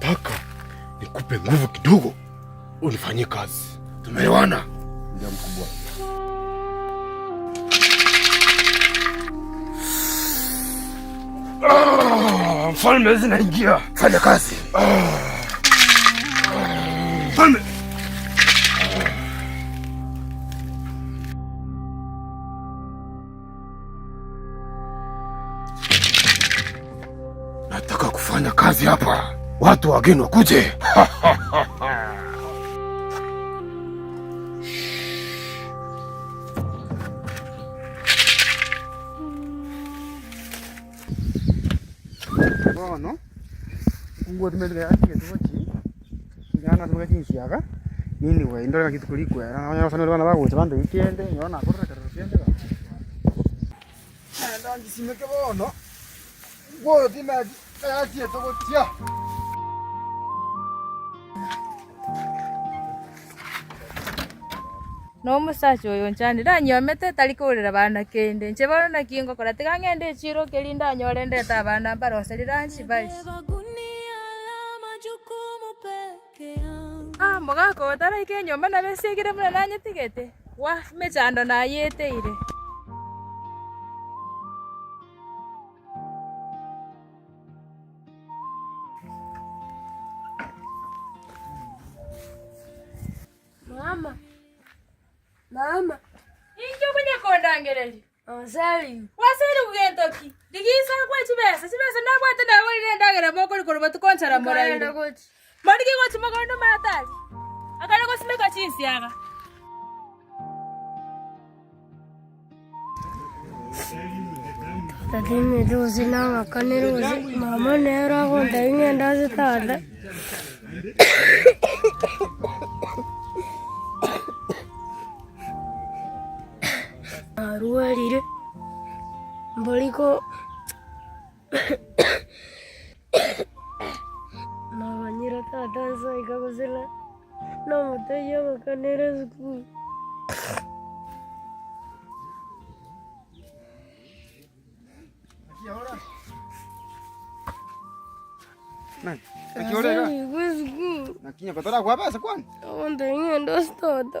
Nataka nikupe nguvu kidogo unifanyie kazi. Tumeelewana? Ndio mkubwa. Ah, mfalme zinaingia. Fanya kazi. Ah. watu wageni wakuje. Bono no musacha oyo nchani ndanyomete tarikurira bana kende inche bono na kingokora tigang'ende chirukiri ndanyore ndete abana mbaroserira nchibari ah mugako utaraike nyomba nabesigire muna nanyetigete wa mechando nayeteire wasili kugentoki ndigisakwa chibesa chibesa nabwate naborire ndagera mogori koroba tukonchara moraire akare gosimeka chinsi ni ruzi nang'aka ni ruzi mama nero agontai ng'enda ase tata mboliko mabanyira tatansa ikakosela nomuteja makanera sukulu ndositoto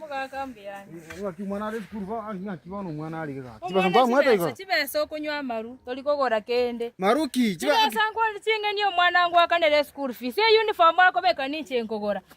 Eh, eh, ah, mwana arikuruva mwana arigekakivasomvamwetaika chivesa okunywa maru tolikogora kende maruki chivesangwalichinge niyo mwana wangu akanere school fees e uniform epagi eye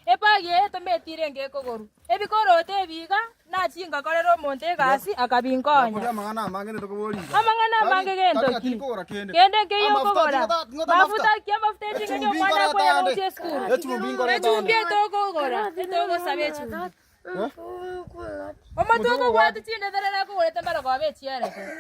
epage etometire ngekogoru ebikorote ebiga nachinga korera omonto egasi akabinkonya amang'ana amange gentoki kende nkeyokogora mafuta kia mafuta echinge niyo mwana akoyauche school echumbi etokogora etogosaba echumbi Omotuko bwati chindeterera kugurete mbara kwabechia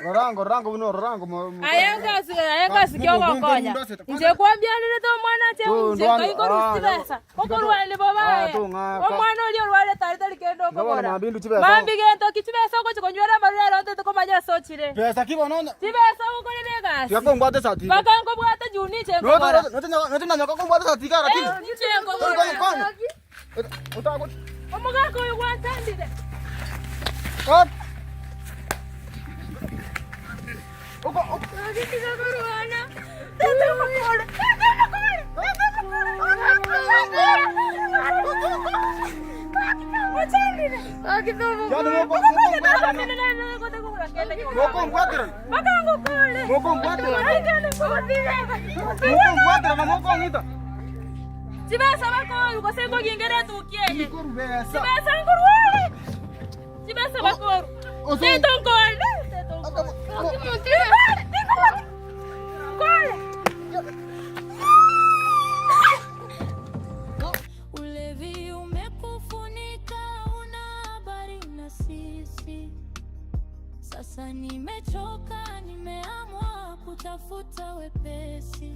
Rorango rorango buno rorango Ayenga si ayenga si kyo ngokonya Nje kwambia nile to mwana che unje kaiko rusibesa Kokorwa ile babaye Omwana oli olwale tari tari kendo kokora Mambi gento kichibesa ko chikonywera marura ronte to komanya sochire Pesa kibonona Tibesa ukore negasi Yako ngwate sati Baka ngo bwate juni che ngora Notina notina nyoko ngwate sati kara kini Nje ngora Utago mau oyo gwantandire bikirabarwana Mokong kuatran, mokong kuatran, mokong kuatran, mokong itu. cibesa bakoro gose ngo ngingere ndukiene cibesa nguru wewe cibesa bakoro eh. oh, oh, seto ngole seto eh. ulevi umekufunika una habari na sisi sasa nimechoka nimeamua kutafuta wepesi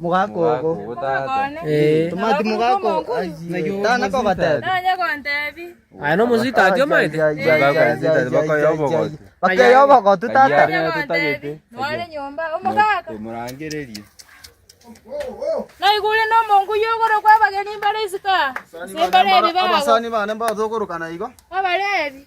mukhako oko tumati mukhako tana ko vatete ano musitatio maite vakeyovoko tutata naigule no mungu yuguru kwa bageni mbale isika simbalevi bao abasani bane mbathugurukana igo abalevi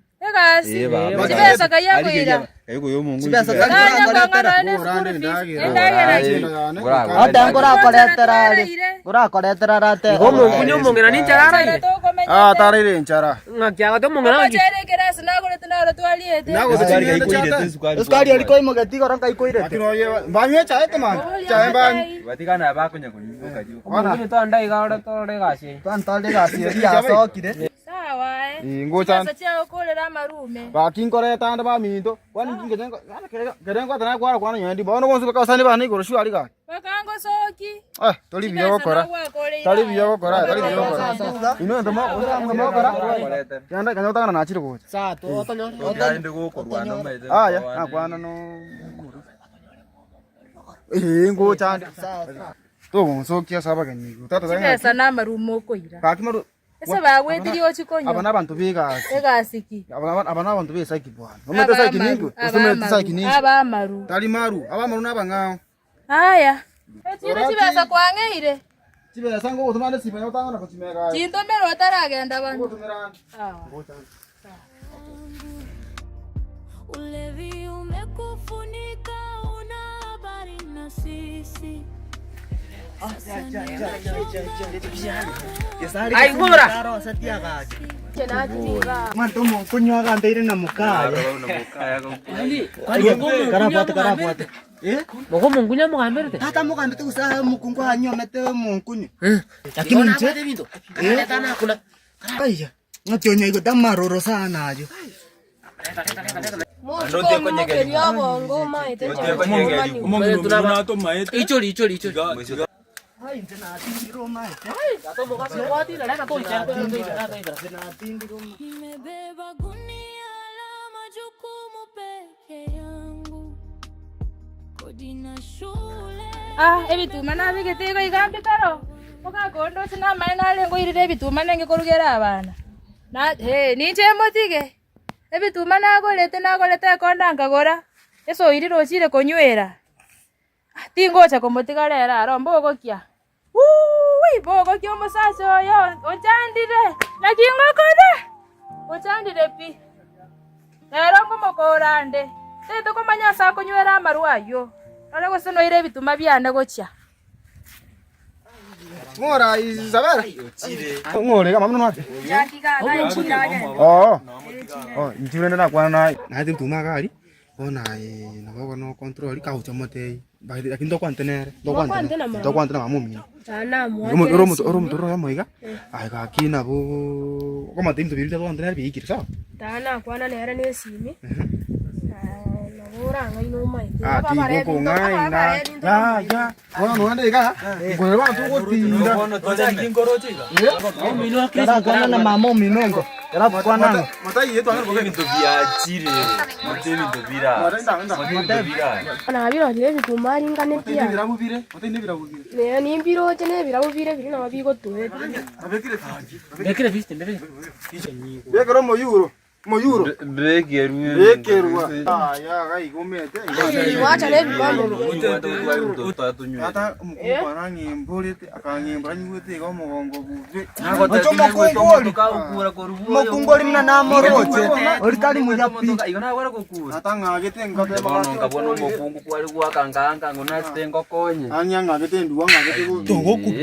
ngurakoretera rate mungu ni umungena ni njarara ire ah tara ire njara ngakiaga to mungena wangi sukari aliko imugeti goro ngai kuirete mbanywe chae tuma chae mbany vatikana vakunya kunyiuka juko ona ni tonda igoro tore gaci tonda gaci ya sokire Eh? inguchan vakinkore tanda va minto wani yaani kere ngwatana kwara kwana nyendi bono bonse bakasani bani goro shwari ka bakango soki eh toli biyo gokora toli biyo gokora toli biyo gokora ino ndo mo ndo mo gokora yanda kanyo tangana nachiri kucha sa to to nyo to yandi gokorwa no meze ah ya na kwana no eh nguchan to bonsokia sabaga nyigo tata sanga sana marumo koira kakimaru ese bagwetirie ochikonyo aba nabantu bigasi egasi ki aba aba nabantu besaki bwana umete saki ningu usimete saki ningu aba amaru tali maru aba amaru nabangao aya mm. etire chibesa kwangeire chibesa ngo utumane sibaya utangana kuchimeka chinto mero taragenda bantu utumirana sawa Ulevi umekufunika, una habari na sisi ಕುಂಜವಾಗ ಅಂತ ಇರಿ ನಮ್ಮ ಮುಖ ಕರಾಬಾತ ಕರಾಬಾತ Moko mungunya mo kamera te. Tata mo kamera te usa mukungu hanyo mete mungunyu. Lakini nje. Eh tana kula. Kaya. Ngationya iko dama roro sana ajo. Mungu kwenye ngoma ite. Mungu kwenye ngoma ite. Mungu kwenye ngoma ite. Ichori ichori ichori. Nimebeba gunia la majukumu peke yangu, kodi na shule. Ah, ebituma eh, nabigitego igambikaro mugakondo sinamae nalengoirire ebituma nengikorugera abana eh, ninche motige ebituma eh, nagorete nagorete ekonda nkagora esoiri rochire konywera ah, tingocha komotiga rero aro ibhoko kyomusasi oyo otandire nakingokode otandire pi lero ngomokorande tete komanya sa konywera amarw ayo rore gosenoire ebituma biane gocha ngora isabera ngorega mamuno nake ya tika ga ya tika ga oh oh ntirende nakwana nayi nati ntuma gari onaaye eh, nabo gono control kauchamote lakini ndokwantenere ndokwantena mamumini oro omuntu roroya moiga aiga aki nabo okomata ebinto biri bia twantenere biikire sawa tanakwana nere na esimi na mama minongo yarakwanana matayietwange bintu byakire mute bintu biranabirorie ebijuma ringa nebyanebirabubire nimbiroche nebirabubire biri nabo bigotuhete bekere omoyuro Muyuro. Break yerwa. Break yerwa. Ah, ya gai gomete. Wacha le bando. Hata mkumbana ngimbulite akangimbra nyuti go mugongo buje. Nacho mukungoli. Mukungoli mna namorote. Olikali muya pi. Igona wala kukura. Hata ngagete ngate bakati. Ngabona mukungu kwali gwakanganga ngona ah. stengo konye. Anya ngagete nduwa ngagete go. Togoku.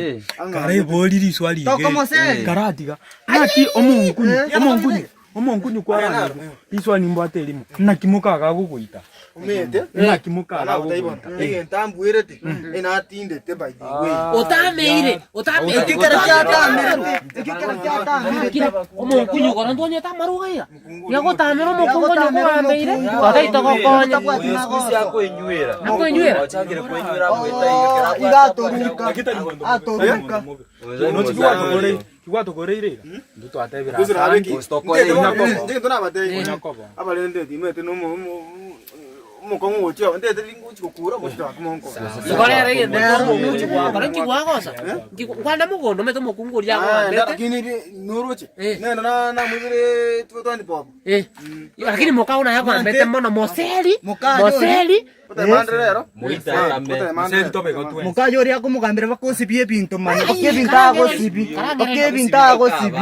Kare boliri swali. Tokomose. Karatiga. Nati omungu. Omungu omo nkuni kwagana iswa nimbo aterimo nakimuka agagukwita umete gora ndonye tamarugaira yagotamira omo kongo nyoko wambeire Igwa tukoreire iga. Hmm? Nduto atebira. Gustokore ina kobo. Ndike tuna batei. Ina kobo. Abale ndete imete no mu mu kongo wotia ndete linguchi kukura mushita kumonko. Igore rege ndaro nuchi kwa bara ki kwagosa. Ngikwana mugondo mete mukungu lya kwa ndete. Lakini nuruchi. Neno na na mwire tuto ndi bobo. Eh. Mm. Lakini mukao na yako mbete mbono moseli. Moseli mukaji uria akumugambira bakucibie bintu mani bakie binta agucibi bakie binta agucibi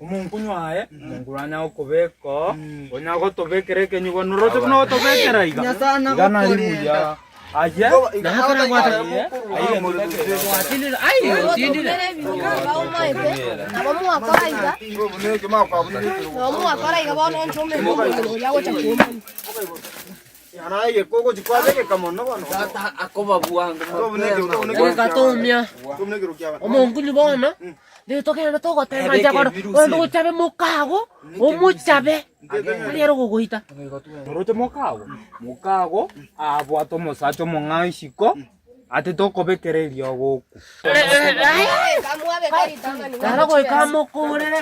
omunku nywaye mungu ranya ukubeko onya gutubikira ikinyugo nurotib notubikira iga nyasanagana rimuya Yanaye koko chikwazeke kama nono. Ako babu wangu. Tumne kirukia. Tumne kirukia. Omo ngulu bwana. nitokere nitogotemanjagoro ondu guchabe mukago umuchabe ariero guguita norote mukago mukago abwato musacho mung'aiciko ati tukubikireria guku rero gwika mukurire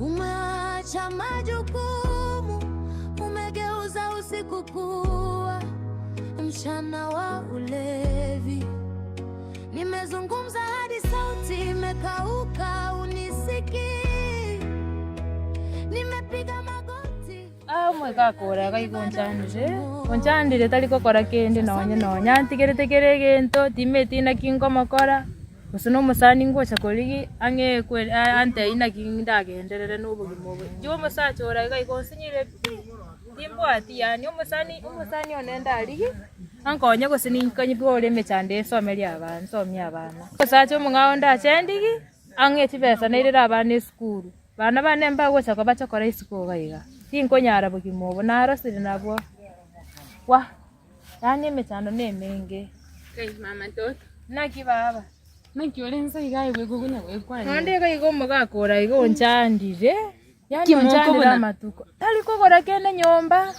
umacha majukumu kukua mchana wa ulevi. Nimezungumza hadi sauti imekauka, unisiki. Nimepiga magoti ah, mwekakora kaikunchanje unchandire tarikokora kindi nonya nonya ntigerete kere ginto timeti naki ngomokora gose na omosaani ngocha korigi ang'ekwere antei naki ndagenderere na obogima obo ijo omosacha orae kaikonsinyire pi imbwatiani umusani umusani onenda aliki ankonye gose bwa ulimi chande somelia abana somia abana kosacha omong'ao ndachendiki ang'echi besa nairere abana esukuru bana bane mbagochoka bacha kora esikuga iga tinkonyara bogima obo narosire nabwo wa yaani emechando na emenge naki baba naki ore iga igwe gugunya gwekwanye nonde iga iga omoga iga onchandire yani njani matuko talikogoragene nyomba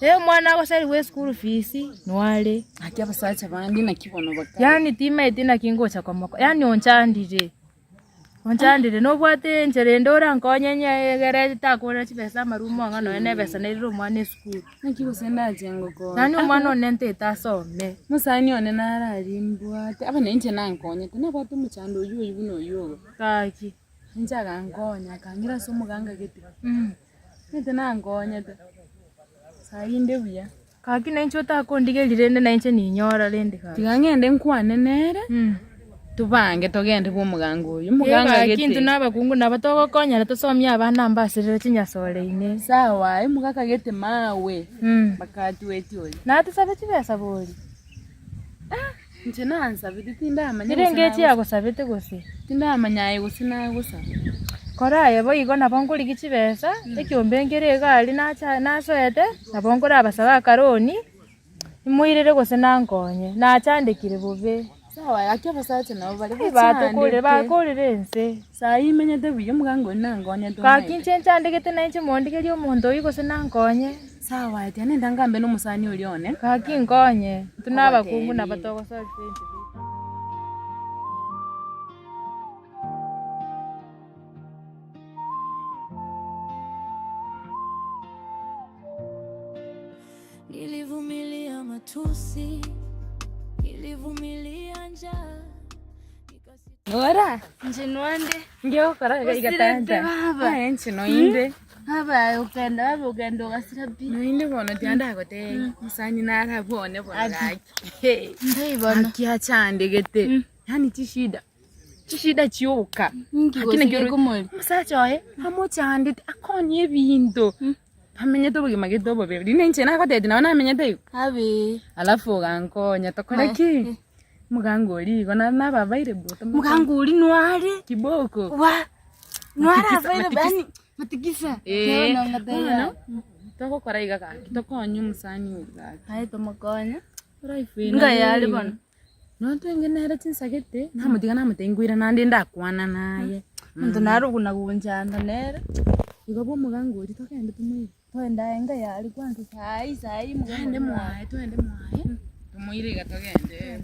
Leo mwana wasari we school fees nwale haki abasacha bandi nakibona bakari yani tima itina kingocha kwa mwako yani onchandire onchandire no bwate njere ndora nkonyenye gere takora chibesa marumo anga no ene besa neriro mwana school nakibo senda jengo ko nani ah, mwana onente tasome musani one narari aba abana nje nankonye tina bwate muchando uyu uyu no kaki inje akangonya akangira sumu kangagete mm. mite nangonyete sai buya kaki nainche otakondigeria rende nainche ninyora rende kaki tiga ng'ende nkwane nere mm. tubange togende bwa omoganga oyo omogangakintu nabakungu naba togokonyana tosomie abana mbaserere chinyasore-ine sawa emogaka gete mawe mm. bakatweti oyo natosabe chibesa bori ah nje nansabiti tindamanya tirengeti yakusabiti kusi tindamanyaye kusi nakusa kora yebo igo nabo nguri kichibesa mm. ekiombe ngere igali nasoete nabo nguri abasaba akaroni imwirire kusi nankonye nachandikire bubi sawa akia basate nabo bali batukure bakurire nse sayi imenyete buya omugangoni nankonye kakinche nchandikete nainche mondikerie omonto oyi kusi nankonye sawa ati anenda ngambe no musani ulione kaki nkonye tuna kungu na so batogosa Nilivumilia matusi, nilivumilia njaa ngora njinwande ngeokora gaigatanja enchinoinde hmm? ukenda ukenda ukasira noinde bono tiondo akoteny mm. yani chi shida chiuka musachoe amochandit akonye binto mm. amenye tobogima getobo be rine inche nakotete namenyete igo alafu ugankonya tokore ki mugangori igo naba available mugangori nware kiboko wa nware available Matikisa. Eh. Ona Toko kwa raiga ka. Kitoko nyumu sani wega. Hai to Nga yali bana. Nontu engene chinsagete. Na mutiga na nandi ndakwana naye. Muntu hmm. naru kuna kunjanda nere. Igobo muganguri tokende tumwire. Twenda enga yali kwanza sai sai muganguri. Twende mwaye twende mwae Tumwire gatogende.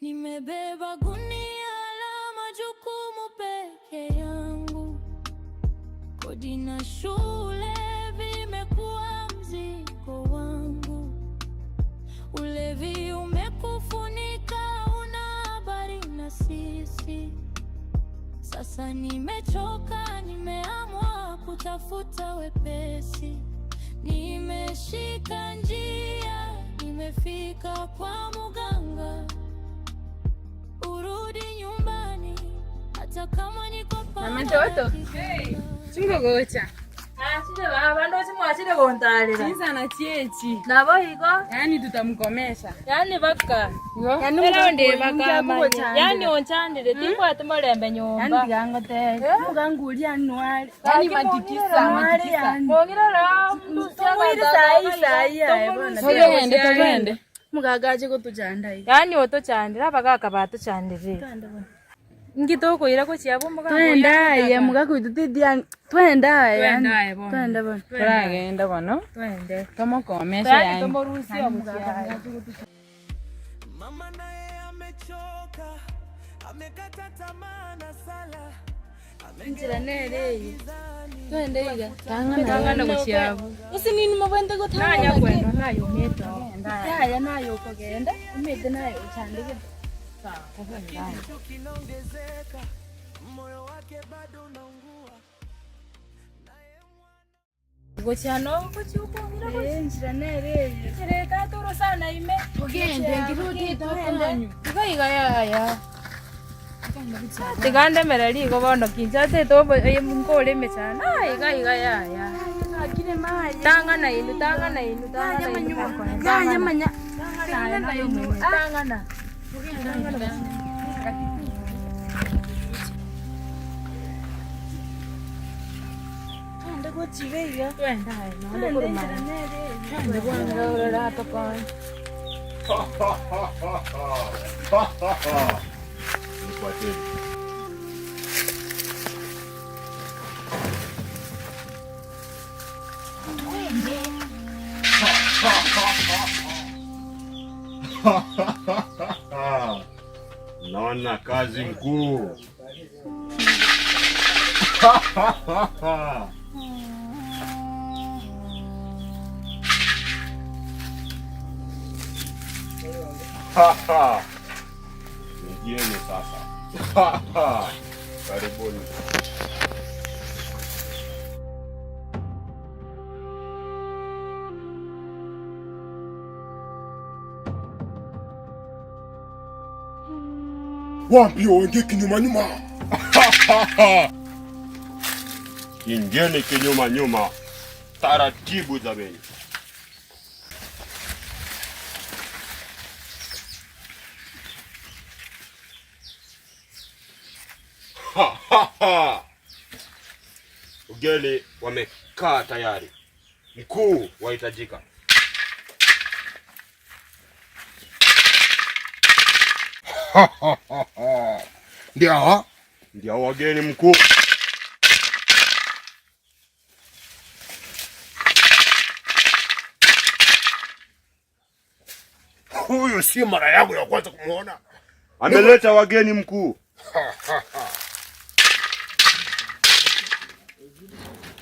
Nimebeba gunia la majukumu peke yangu Kodi na shule vimekuwa mzigo wangu, ulevi umekufunika, una habari na sisi. Sasa nimechoka, nimeamua kutafuta wepesi, nimeshika njia, nimefika kwa muganga. Urudi nyumbani hata kama niko singokocha ah, vandosimwachire kontalira isana chechi navo iko yani tutamkomesha yani vaka yaniraundi yaani vakamanya yani onchandire tikwati hmm? mulembe nyumba tugende tugende mugagache kutuchandai yani otuchandira vakaka vatuchandirire ngitukwira kuciabo twendaye mugakwitetithia twendaye twenda bono turagenda bono twende mama naye amechoka amekata tamaa na sala njira nereye twende iga nayo meta yaya nayo kugenda kitu kinaongezeka, moyo wake bado unaungua. tikandemera liko bondo kinjate tobo eh, ngolime sana ah, igaiga yaya tangana inu tangana inu tangana inu tangana 看得过几位呀？对，他还能得过买，看得过那个那不光。哈哈哈哈哈！哈哈哈！你过去。哈哈哈哈哈！哈哈哈！na casa em kazi mkuu. Mjene sasa. Karibuni. waambie waingie kinyuma nyuma. Ingieni kinyuma nyuma, taratibu benki. Ugeni wamekaa tayari, mkuu wahitajika. Ndio hawa ndio wageni mkuu. Huyu si mara yangu ya kwanza kumwona, ameleta wageni mkuu.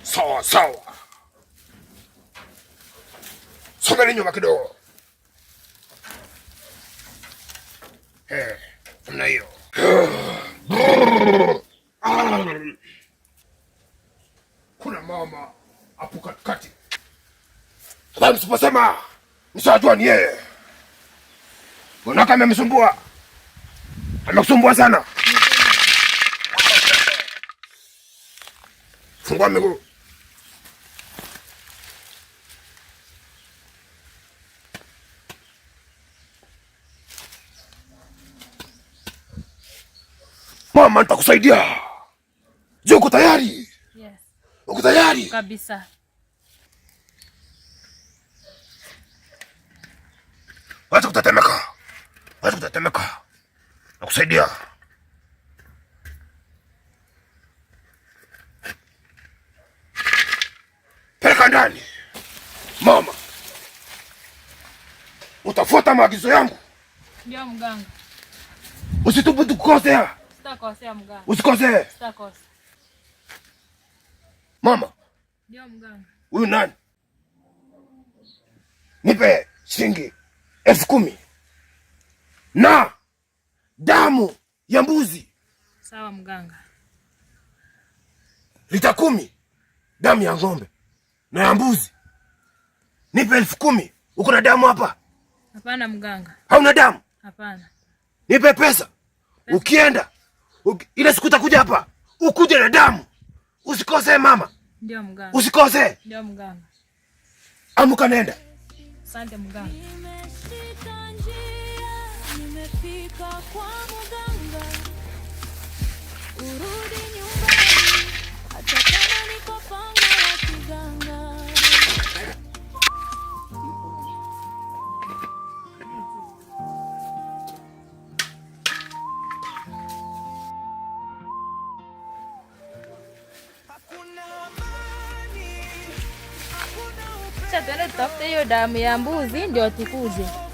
Sawa sawa, sogeni nyuma kidogo. namna hiyo. Kuna mama hapo katikati, msiposema nishajua ni yeye. Mwanaka amemsumbua, amekusumbua sana. Fungua miguu mama, nitakusaidia. Je, uko tayari? Yes. Uko tayari kabisa? Wacha kutatemeka, wacha kutatemeka, nakusaidia. Peleka ndani mama, utafuata maagizo yangu. Ndio mganga, usitubu tukosea Sitakosea mganga. Usikosee. Sitakosa. Mama. Ndio mganga. Huyu nani? Nipe shilingi elfu kumi na damu ya mbuzi. Sawa mganga. Lita kumi damu ya ng'ombe na ya mbuzi. Nipe elfu kumi. Uko na damu hapa? Hapana mganga. Hauna damu? Hapana. Nipe pesa. Pesa. Ukienda ile siku utakuja hapa ukuje na damu, usikose mama. Ndio mganga, usikose. Ndio mganga, amka nenda. Asante mganga. Nimeshika njia, nimefika kwa mganga. Urudi nyumbani hata kama niko panga kiganga tutafute hiyo damu ya mbuzi ndio tukuze.